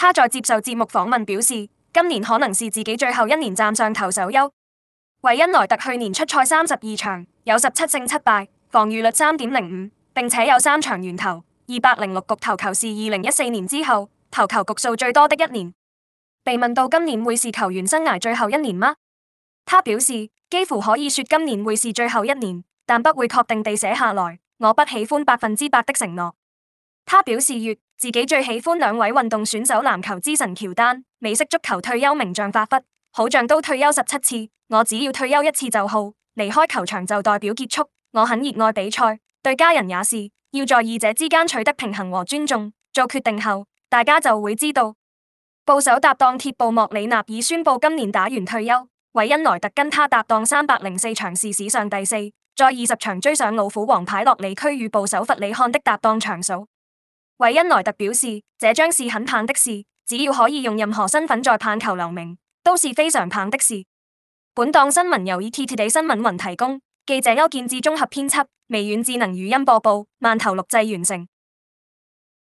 他在接受節目訪問表示，今年可能是自己最後一年站上投手丘。韋恩萊特去年出賽三十二場，有十七勝七敗，防禦率三點零五，並且有三場完投，二百零六局投球是二零一四年之後投球局數最多的一年。被問到今年會是球員生涯最後一年嗎？他表示，幾乎可以說今年會是最後一年，但不會確定地寫下來。我不喜歡百分之百的承諾。他表示：月自己最喜歡兩位運動選手，籃球之神喬丹、美式足球退休名將法弗，好像都退休十七次。我只要退休一次就好，離開球場就代表結束。我很熱愛比賽，對家人也是，要在二者之間取得平衡和尊重。做決定後，大家就會知道。捕手搭檔鐵布莫里納已宣布今年打完退休，韋恩萊特跟他搭檔三百零四場是史上第四，在二十場追上老虎王牌洛里區與捕手弗里漢的搭檔場數。韋恩萊特表示，這將是很棒的事，只要可以用任何身份在棒球留名，都是非常棒的事。本檔新聞由 ETtoday 新聞雲提供，記者歐建志綜合編輯，微軟智能語音播報，慢頭錄製完成。